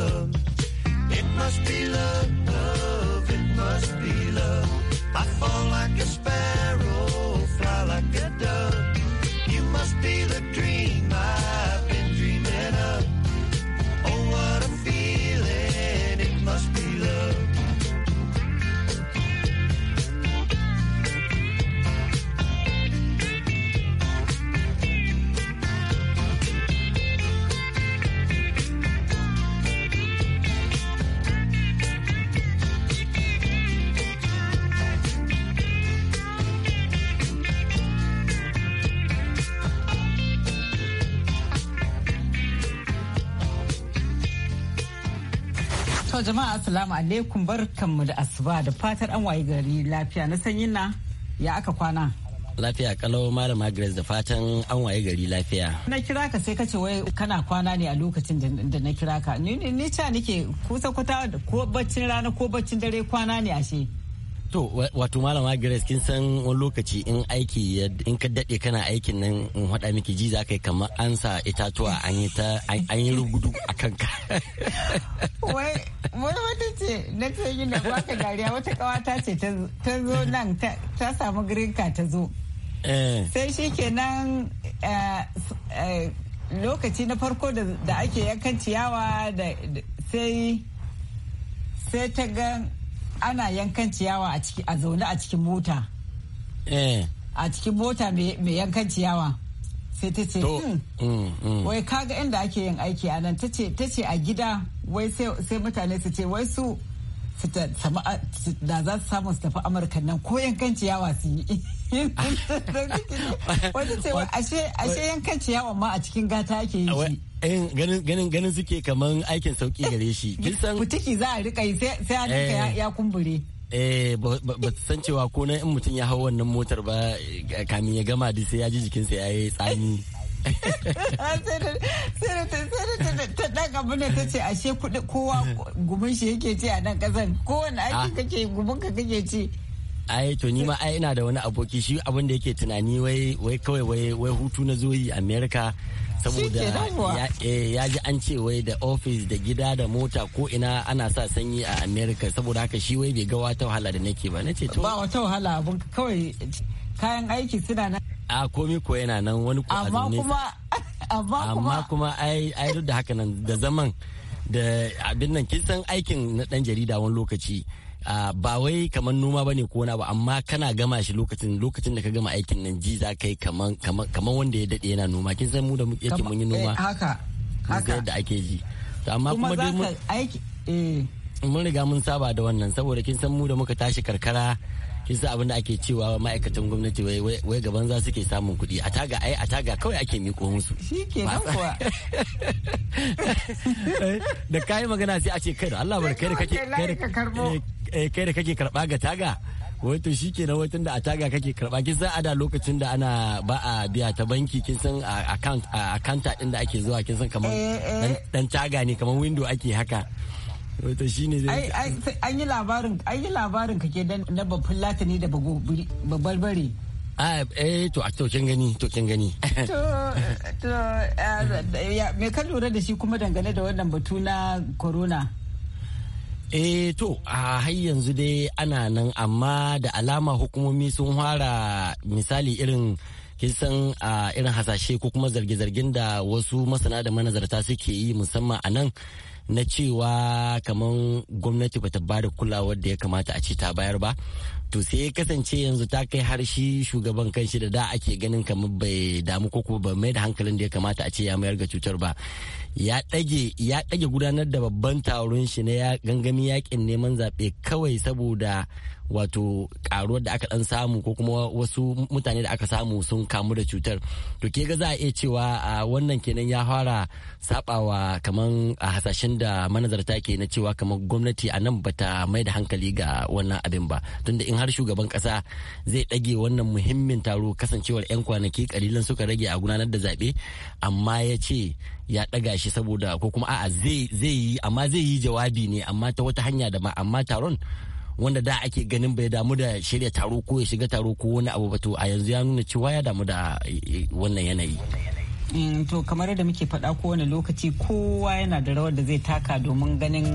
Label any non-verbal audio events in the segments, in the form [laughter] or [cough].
love. It must be love. It must be love. I fall like a spell. jama'a assalamu alaikum barkanmu da asuba da fatar an waye gari lafiya na sanyin na ya aka kwana. Lafiya kalau malama Grace da fatan an waye gari lafiya. Na kira ka sai kace wai kana kwana ne a lokacin da na kira ka. Ni ni ta nike kusa kwata ko baccin rana ko baccin dare kwana ne ashe. To wato malama Grace kin san wani lokaci in aiki in ka dade kana aikin nan in hada miki ji za yi kamar an sa itatuwa an yi ta an yi rugudu a kanka. [laughs] Wai wani wata ce na ta yi na baka dariya wata kawata ce ta zo nan ta samu green card ta zo. Eh. Sai shi kenan eh, eh, lokaci na farko da ake yankan ciyawa da sai sai ta ga ana yankan ciyawa a zaune a cikin mota a cikin mota mai yankan ciyawa sai ta ce wai kaga inda ake yin aiki a nan ta ce a gida wai sai mutane su ce wai su da za su samu su tafi amurka nan ko yankan ciyawa su yi wata ce ashe yankan ciyawa ma a cikin gata ake yi ganin ganin suke kaman aikin sauki gare shi kin san butiki za a rika yi sai a rika eh. ya kumbure eh ba san cewa ko na in mutum ya hau wannan motar ba kamin ya gama da sai ya ji jikinsa ya yi tsami [laughs] sai ta ɗan abu ta ce ashe kuɗi kowa gumin shi yake ci a nan ƙasar kowane aiki ah. kake gumin ka kake ci ai to ni ma ai ina da wani aboki shi abin da yake tunani wai wai kawai wai hutu na zoyi america saboda eh, ya ji an ce wai da ofis da gida da mota ko ina ana sa sanyi a america saboda haka shi wai bai ga wata wahala da nake ba na ce to ba wata wahala abun kawai kayan aiki suna nan a komi ko yana nan wani ko amma kuma amma kuma ai ai duk da haka nan da zaman da abin nan kin san aikin na dan jarida wani lokaci Ah, ba wai kamar noma bane ko na ba amma kana gama shi lokacin lokacin da ka gama aikin nan ji za ka yi kaman kaman wanda ya dade yana noma kin san mu da yake mun yi noma eh, haka haka yadda ake ji amma kuma dai aiki eh mun riga mun saba da wannan saboda kin san mu da muka tashi karkara kin san abin da ake cewa ma'aikatan gwamnati wai gaban za suke samun kuɗi a taga ai a taga kawai ake miƙo musu [laughs] eh, da kayi magana sai a ce kai da Allah bar kai da kake kai da eh, eh, kake karba ga taga wato shi kenan watan da a taga kake karba kin san ada lokacin da ana ba a biya ta banki kin san account account din da ake zuwa kin san kamar dan taga ne kamar window ake haka wata ne zai an yi labarin an yi labarin kake dan na babban latani da babbarbare Ah, eh to to tokin gani tokin gani to [laughs] eh, me ka lura da shi kuma dangane da wannan batu na corona eh to a har yanzu dai ana nan amma da alama hukumomi sun fara misali irin kisan a irin hasashe ko kuma zarge-zargen da wasu masana da manazarta suke yi musamman a nan na cewa kamar gwamnati bata ba da kulawar da ya kamata a ce ta bayar ba to sai kasance yanzu ta kai har shugaban kanshi da da ake ganin kamar bai damu ko kuma ba mai da hankalin da ya kamata a ce ya mayar ga cutar ba ya ɗage ya ɗage gudanar da babban taron shi na gangami yakin neman zaɓe kawai saboda wato karuwar da aka ɗan samu ko kuma wasu mutane da aka samu sun kamu da cutar to ke ga za a iya cewa a wannan kenan ya fara sabawa kaman a hasashen da manazarta ke na cewa kamar gwamnati a nan bata mai da hankali ga wannan abin ba tunda in har shugaban kasa zai ɗage wannan muhimmin taro kasancewar 'yan kwanaki kalilan suka rage a gudanar da zaɓe amma ya ce ya ɗaga shi saboda ko kuma a'a zai yi amma zai yi jawabi ne amma ta wata hanya da ma amma taron wanda da ake ganin bai damu da shirya taro ko ya shiga taro ko wani abu to a yanzu ya nuna cewa ya damu da eh, eh, wannan yanayi mm, to kamar yadda muke faɗa kowane lokaci kowa yana da rawar da zai taka domin ganin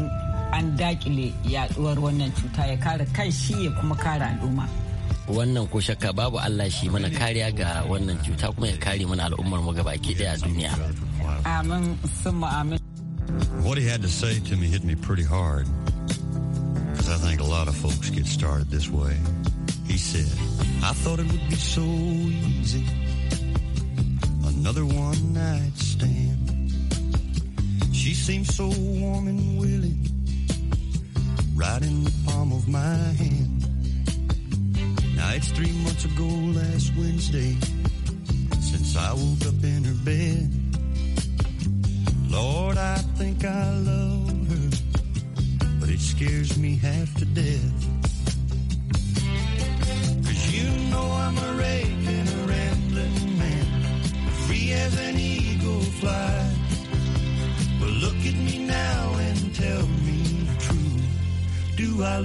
an dakile yaduwar wannan cuta ya kare kan shi ya kuma kare al'umma wannan ko shakka babu Allah shi mana kariya ga wannan cuta kuma ya kare mana al'ummar mu daya duniya amin amin what he had to say to me hit me pretty hard because i think a lot of folks get started this way he said i thought it would be so easy another one night stand she seemed so warm and willing right in the palm of my hand. Now it's three months ago last Wednesday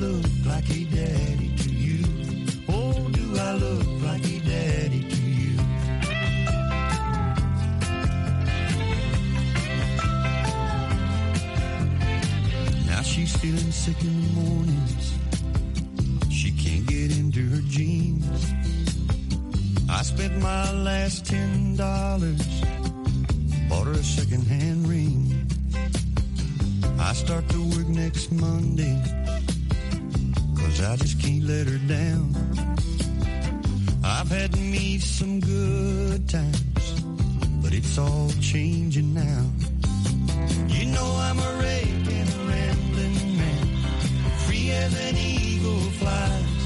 look like he did. can't let her down. I've had me some good times, but it's all changing now. You know I'm a raking, rambling man, free as an eagle flies.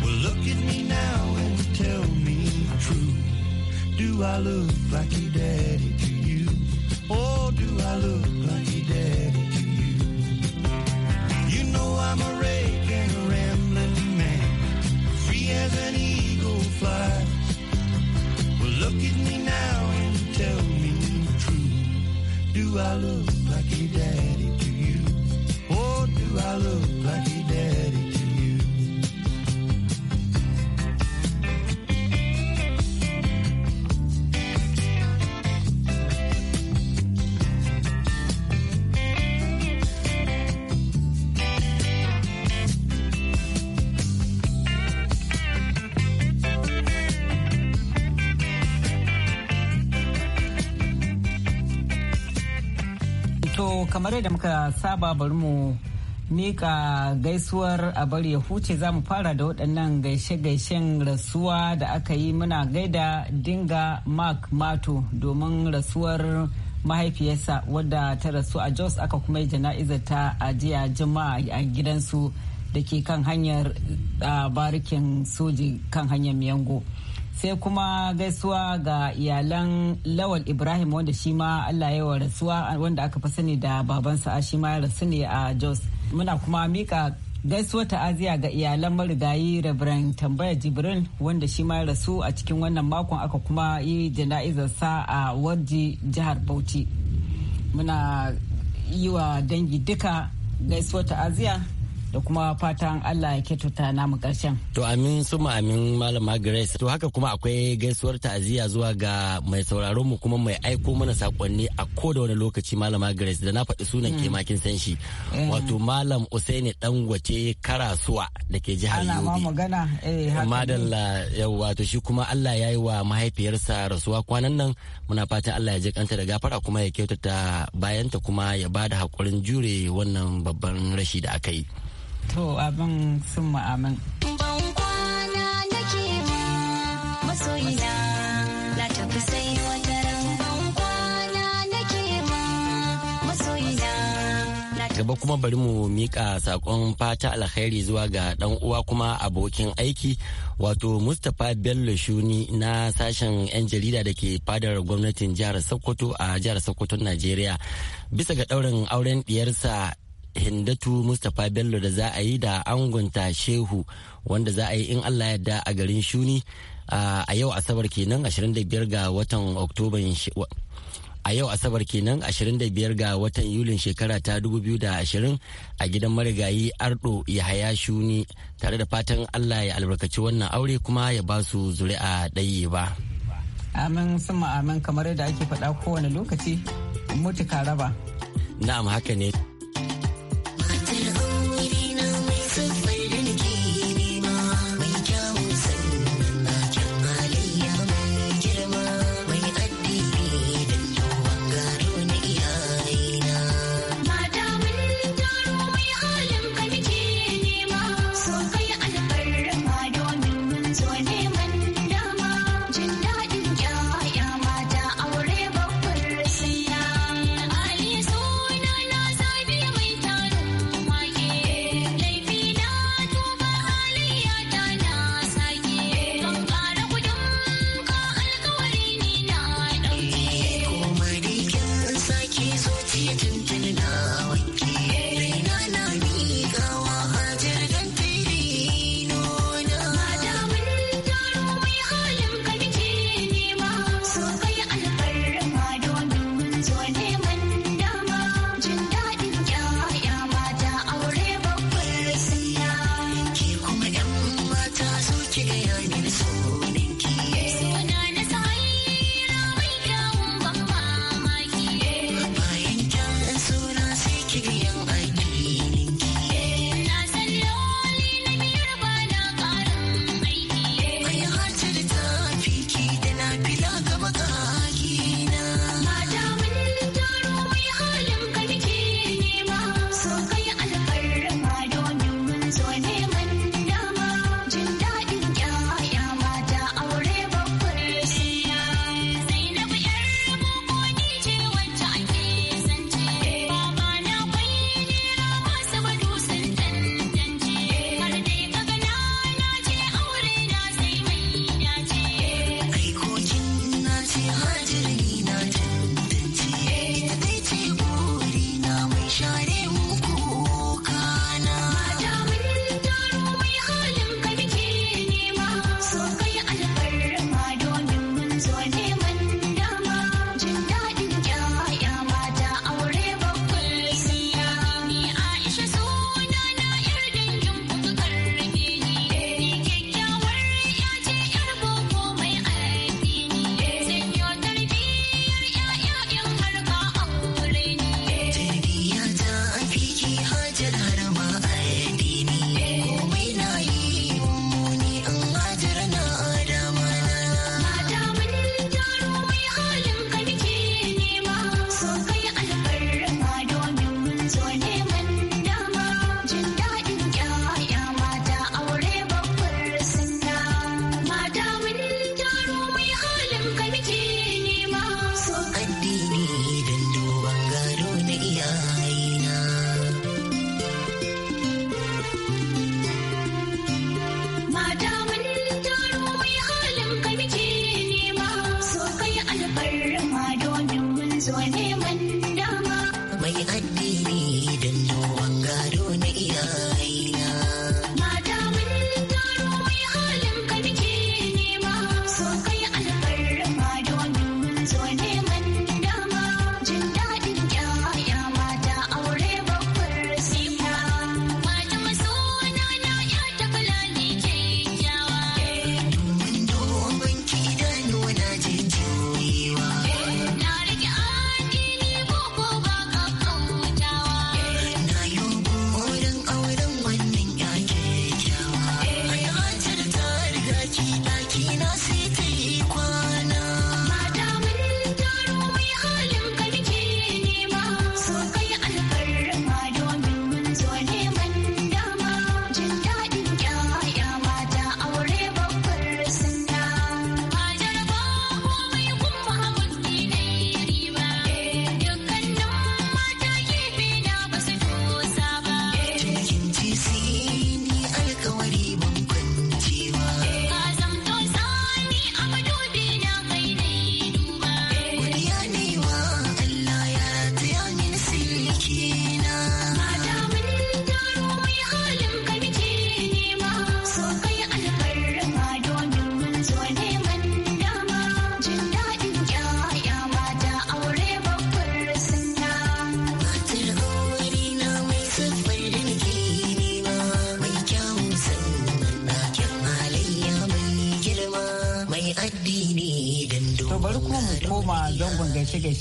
Well, look at me now and tell me true. Do I look like your daddy to you? Or do I look like your daddy to you? You know I'm a Kiss me now and tell me the truth. Do I look like your daddy to you? Or do I look like your daddy? kamar yadda muka saba bari mu mika gaisuwar a bari ya huce za mu fara da waɗannan gaishe-gaishen rasuwa da aka yi muna gaida dinga mark mato domin rasuwar mahaifiyarsa wadda ta rasu a jos aka kuma yi jana'izar ta a jiya juma'a a gidansu da ke kan hanyar barikin soji kan hanyar miyango sai kuma gaisuwa ga iyalan lawal ibrahim wanda shi ma allah ya wa rasuwa wanda aka fi sani da babansa a shi ma ya rasu ne a jos muna kuma mika gaisuwa ta'aziya ga iyalan marigayi reverend tambaya jibril wanda shi ma ya rasu a cikin wannan makon aka kuma yi jana'izar sa a warji jihar bauchi muna yi wa dangi duka gaisuwa ta'aziya da kuma fatan Allah ya kyautata mu karshen. To amin suma amin malama Grace. To haka kuma akwai gaisuwar ta'aziyya zuwa ga mai sauraron mu kuma mai aiko mana sakonni a ko da wani lokaci malama Grace da na faɗi sunan mm. ke makin san shi. Mm. Wato malam Usaini Dangwace Karasuwa da ke jihar Yobe. Ana ma magana eh haka. Madalla yawa to shi kuma Allah ya yi wa mahaifiyarsa rasuwa kwanan nan muna fatan Allah ya ji kanta da gafara kuma ya kyautata bayanta kuma ya bada hakurin jure wannan babban rashi da aka yi. To abin sun ma'amin. gaba kuma bari mu mika sakon fata alkhairi zuwa ga ɗan uwa kuma abokin aiki wato mustapha bello shuni na sashen 'yan jarida da ke fadar gwamnatin jihar sokoto a jihar sokoton najeriya bisa ga ɗaurin auren diyarsa hindatu mustapha bello da za a yi da angunta shehu wanda za a yi in allah yadda a garin shuni a yau asabar kenan 25 ga watan oktoba a yau asabar kenan 25 ga watan yulin shekara ta 2020 a gidan marigayi ardo yahaya shuni tare da fatan allah ya albarkaci wannan aure kuma ya ba su zuri'a ɗaye ba amin sama amin kamar yadda ake faɗa kowane lokaci mutu ka raba na'am haka ne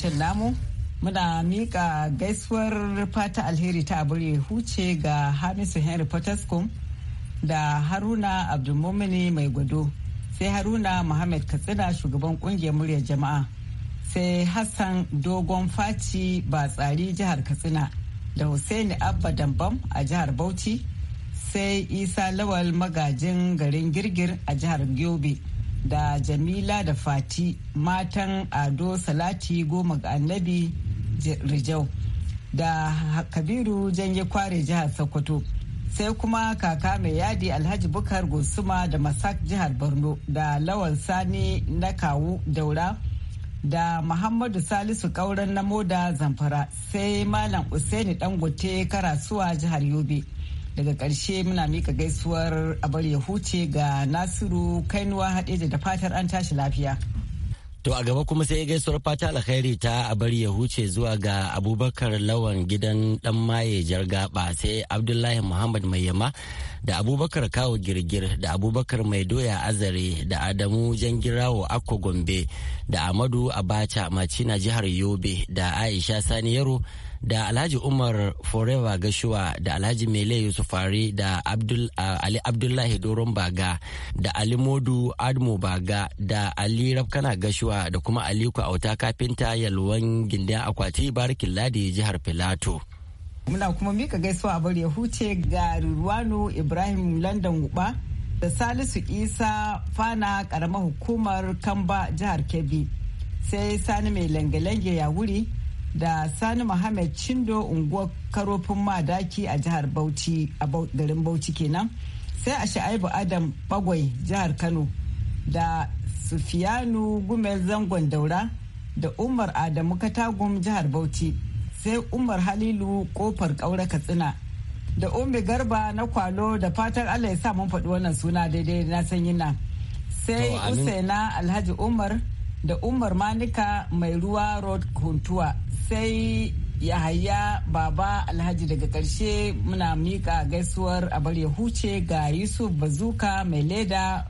shirin namu muna mika gaisuwar fata alheri ta abure huce ga hamisu henry potaskum da haruna abdulmumini mai gwado sai haruna muhammad katsina shugaban kungiyar murya jama'a sai hassan dogon faci batsari jihar katsina da hussaini abba dambam a jihar bauchi sai isa lawal magajin garin girgir a jihar gyobe da jamila da fati matan ado salati goma ga annabi rijau da kabiru janye kware jihar sokoto sai kuma kaka mai yadi alhaji bukar gusuma da masak jihar borno da lawal sani na kawu daura da muhammadu salisu kauran na moda zamfara sai malam usaini dangote karasuwa jihar yobe daga ƙarshe muna mika gaisuwar abar ya huce ga nasiru kainuwa haɗe da fatar an tashi lafiya To a gaba kuma sai gaisuwar fata alkhairi ta a ya huce zuwa ga abubakar lawan gidan dan maye jargaba sai abdullahi muhammad mai yama da abubakar kawo girgir da abubakar mai doya azare da adamu jangirawo akko gombe da amadu abacha macina jihar yobe da aisha sani yaro da alhaji umar forever gashuwa da alhaji mele yusufari da Abdul, uh, ali abdullahi doron baga da ali modu admo baga da ali rafkana gashuwa da kuma aliku auta kafinta yalwan gindin akwati barikin ladi jihar filato muna kuma mika gaisuwa a bari ya huce ga ruwanu ibrahim london guba da salisu isa fana karamar hukumar kamba jihar kebbi sai sani mai lange-lange ya wuri da sani muhammad chindo unguwar karofin madaki a jihar bauchi a garin bauchi kenan sai a sha'aibu adam bagwai jihar kano da sufiyanu gumel zangon daura da umar adamu katagun jihar bauchi sai umar halilu kofar kaura katsina da umbi garba na kwalo da fatan allah ya sa mun faɗi wannan suna daidai na san yana sai usaina alhaji umar da umar manika mai ruwa road kuntuwa sai yahaya baba alhaji daga karshe muna mika gaisuwar a ya huce ga yusuf bazuka mai leda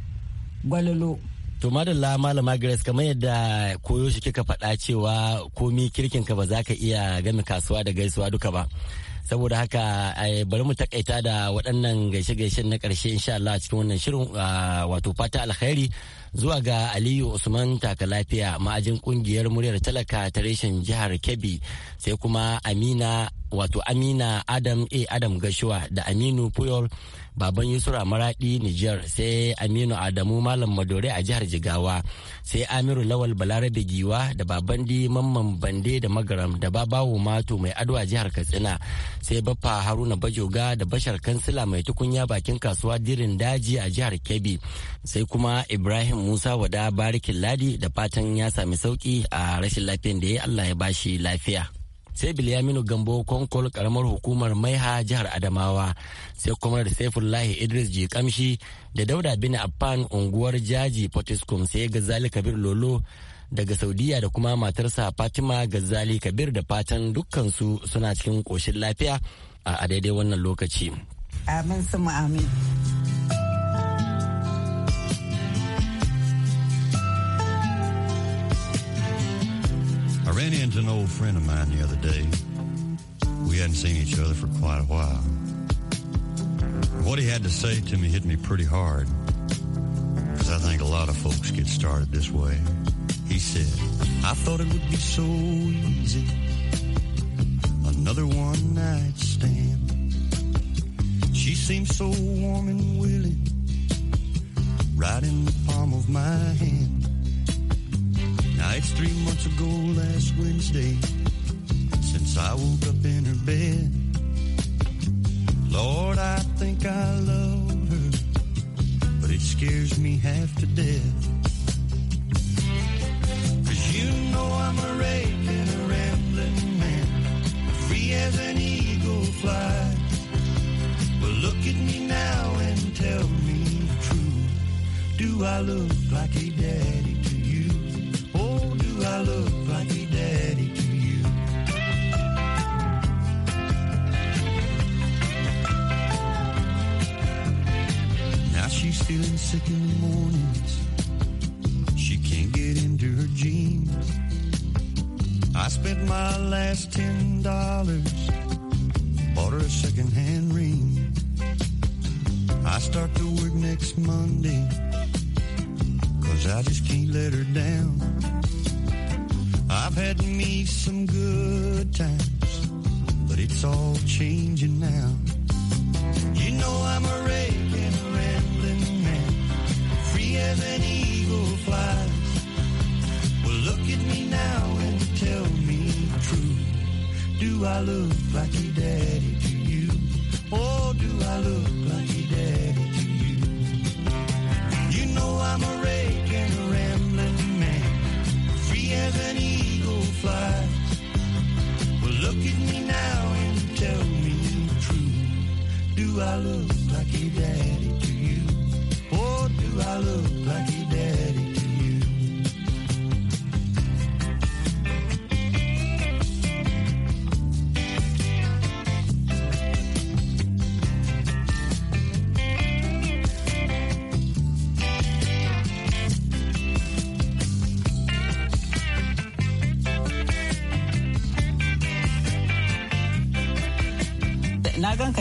gwalolo to madalla malama grace kamar yadda koyo shi kika faɗa cewa komi kirkin ka ba za ka iya gami kasuwa da gaisuwa duka ba saboda haka eh, bari mu takaita da waɗannan gaishe-gaishen na ƙarshe insha Allah cikin wannan shirin ah, wato fata alkhairi zuwa ga Aliyu Usman taka lafiya ma'ajin kungiyar muryar talaka ta reshen jihar Kebbi sai kuma Amina wato Amina Adam A eh, Adam Gashuwa da Aminu Puyol baban yusura maradi niger sai aminu adamu malam madore a jihar jigawa sai amiru lawal balarabe giwa da baban di mamman bande da magaram da babawo mato mai adwa jihar katsina sai baffa haruna bajoga da bashar kansila mai tukunya bakin kasuwa dirin daji a jihar kebbi sai kuma ibrahim musa wada barikin ladi da fatan ya sami sauki a rashin lafiyan da ya allah ya bashi lafiya sai bilyaminu gambo konkol karamar hukumar maiha jihar adamawa sai kwamar saifullahi idris ji kamshi da dauda bin affan unguwar jaji potiskum sai gazali kabir lolo daga saudiya da kuma matarsa fatima gazali kabir da fatan dukkansu suna cikin koshin lafiya a daidai wannan lokaci amin su I ran into an old friend of mine the other day. We hadn't seen each other for quite a while. What he had to say to me hit me pretty hard, because I think a lot of folks get started this way. He said, I thought it would be so easy, another one night stand. She seemed so warm and willing, right in the palm of my hand. It's three months ago last Wednesday since I woke up in her bed. Lord, I think I love her, but it scares me half to death. Cause you know I'm a raking, a rambling man, free as an eagle fly. But look at me now and tell me the truth. Do I look like a daddy? I look like daddy to you. Now she's feeling sick in the mornings. She can't get into her jeans. I spent my last ten dollars, bought her a secondhand ring. I start to work next Monday, cause I just can't let her down. I've had me some good times, but it's all changing now. You know I'm a raking, rambling man, free as an eagle flies. Well, look at me now and tell me true. Do I look like your daddy to you? Oh, do I look like your daddy?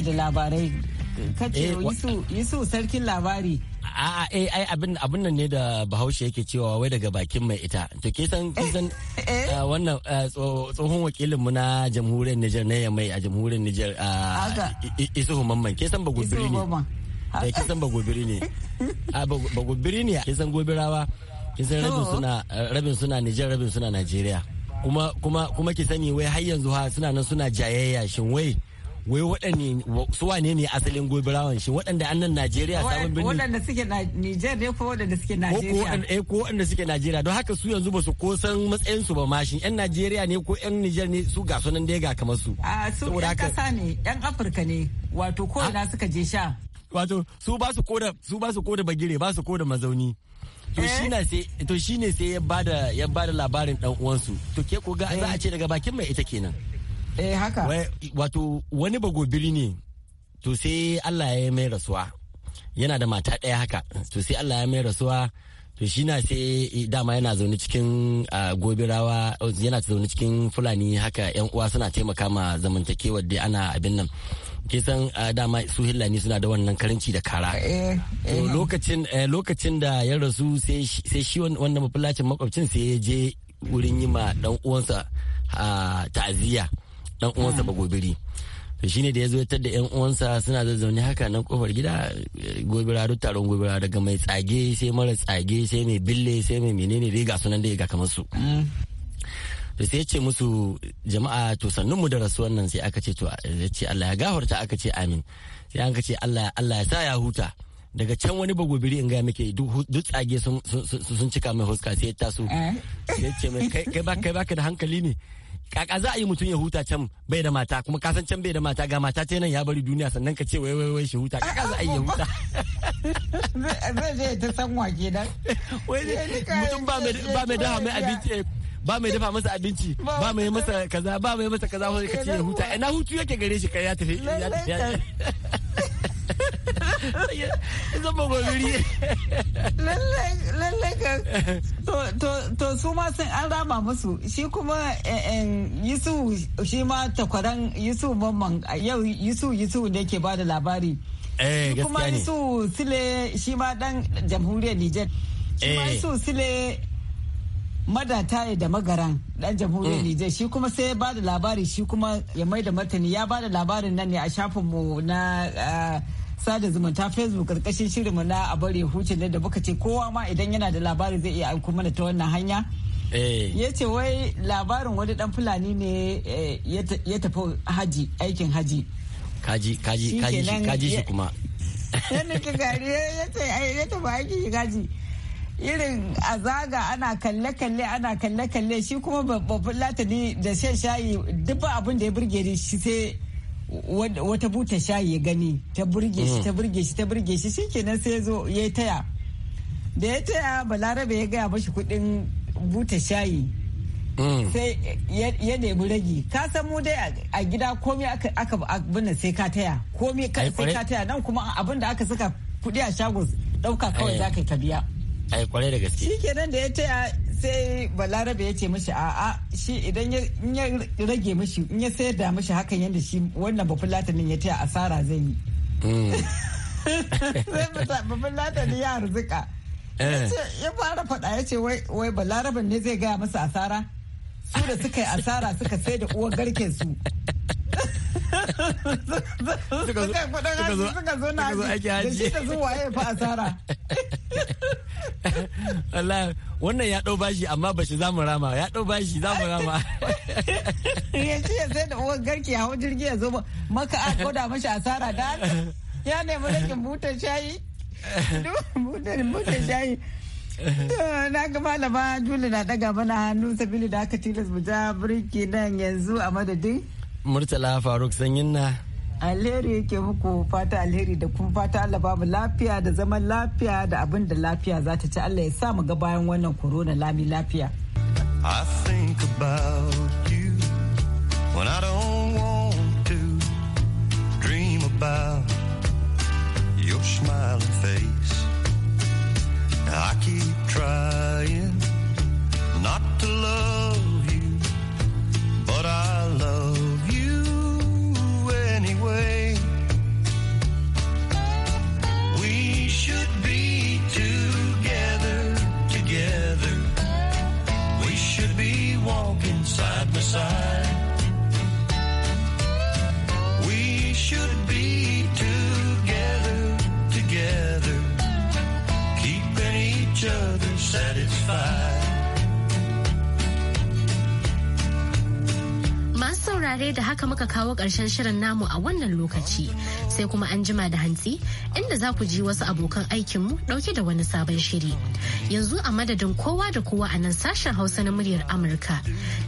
da labarai kace eh, yusu sarkin labari a a eh, ai abin abin nan ne da Bahaushe yake cewa wai daga bakin mai ita to ke san san eh, ah, wannan ah, tsohon wakilin mu na jamhuriyar Niger ne mai a jamhuriyar Niger ah, Isuhu Mamman ke san bagubiri ne ke san bagubiri ne [laughs] bagubiri ne ke san gobirawa ke san rabin oh. suna rabin suna Niger rabin suna Najeriya kuma kuma kuma ki sani wai har yanzu ha suna nan suna jayayya shin wai wai waɗanne su wane ne asalin gobirawan shi waɗanda an nan Najeriya sabon birni waɗanda suke Niger ne ko waɗanda suke Najeriya eh, ko waɗanda suke Najeriya don haka su yanzu ba su ko san matsayin su ba mashin yan Najeriya ne ko yan Niger ne su ga sunan dai ga kamar su su ƴan kasa ne ƴan Afirka ne wato ko ina suka je sha wato su ba su koda su ba su koda bagire ba su koda mazauni to eh? shi na sai to shine sai ya bada ya bada labarin dan uwansu to ke ko ga za a ce daga bakin mai ita kenan eh haka wato wani bagobiri ne to sai Allah ya mai rasuwa yana da mata ɗaya haka to sai Allah ya mai rasuwa to shi na sai eh, dama yana zaune cikin gobirawa yana zaune cikin fulani haka yan uwa suna taimaka ma zamantakewar da ana abin nan kisan dama su hillani suna da wannan karanci da kara eh, eh, to lokacin da ya rasu sai shi wannan mafulacin makwabcin sai ya je wurin yi ma dan uwansa ta'aziyya dan uwansa hmm. ba gobiri to shine da ya zo da yan uwansa suna zazzaune haka nan kofar gida gobira duk taron gobira daga mai tsage sai mara tsage sai mai bille sai mai menene dai ga sunan dai ga kamar su hmm. to sai ya ce musu jama'a to sannun mu da rasuwan nan sai aka ce to ya ce Allah ya gafarta aka ce amin sai an ce Allah Allah ya sa ya huta daga can wani bagobiri in gaya muke duk tsage sun cika mai huska sai ya taso eh. sai ya ce mai kai baka da hankali ne kaka za a yi mutum ya huta can bai da mata kuma ka san can bai da mata ga mata ta nan ya bari duniya sannan ka ce wai wai wai shi huta kaka za a yi ya huta [laughs] zai je ta san wake dan [laughs] wai mutum ba mai ba mai dafa mai abinci eh, ba mai dafa masa abinci [laughs] ba mai masa kaza ba mai masa kaza ka ce ya huta ina hutu yake gare shi kai ya tafi ya tafi zama gobiri Lallai ka to su ma sun an rama musu shi kuma eh, eh, yusu shi ma takwaran yusu mamman yau yusu yusu da ke ba da labari eh, kuma yusu sile shi ma dan jamhuriyar nijar shi ma yusu sile madata da magaran dan jamhuriyar mm. Nijar shi kuma sai ya bada labari shi kuma ya mai da martani ya bada labarin nan ne a shafin mu na sada zumunta facebook karkashin shirin mu na a ya huce da muka ce kowa ma idan yana da labari zai iya aiko mana ta wannan hanya eh. ya ce wai labarin wani dan fulani ne eh, ya tafi haji aikin haji kaji kaji kaji kaji shi kuma yana [laughs] gari ya ce ya tafi aikin haji irin a zaga ana kalle-kalle ana kalle-kalle shi kuma babban latani da shan shayi duk abin da ya burge shi sai wata buta shayi ya gani ta burge shi ta mm. burge shi ta burge shi kenan sai zo ya taya da ya taya balarabe ya gaya mashi kudin buta shayi mm. sai ya nemi ragi ka san mu dai a gida komai aka abinda sai ka taya komai sai ka taya nan kuma abin da aka saka kudi a shago dauka kawai za ka yi biya ai da gaske shikenan da ya taya sai balarabe ya ce mishi a'a shi idan ya rage mishi in ya sayar da mishi hakan yadda shi wannan bafulatinin ya taya asara zai yi mm. [laughs] sai bafulatanin ya arzika eh. ya fara faɗa ya ce wai balaraben ne zai gaya masa asara su da suka yi asara suka sai da uwar garken [laughs] su suka zo na da shi da zuwa ya fi asara [laughs] wannan ya ɗau bashi amma ba shi za mu rama ya ɗau bashi za mu rama [laughs] ya ce sai da uwan garki hawa jirgi ya zo maka a koda mashi asara da ya nemi rikin butar shayi butar shayi na ga malama juli na daga mana hannu sabili da aka tilas mu ja birki nan yanzu a madadin murtala faruk sanyin na alheri yake muku fata alheri da kuma fata Allah babu lafiya da zaman lafiya da abin da lafiya za ta ci Allah ya sa mu ga bayan wannan corona lami lafiya. but I Way. haka muka kawo ƙarshen shirin namu a wannan lokaci sai kuma an jima da hantsi inda za ku ji wasu abokan aikinmu ɗauke da wani sabon shiri. Yanzu a madadin kowa da kowa a nan sashen Hausa na muryar Amurka.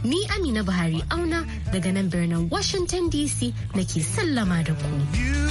Ni Amina Buhari auna daga nan birnin Washington DC nake sallama da ku.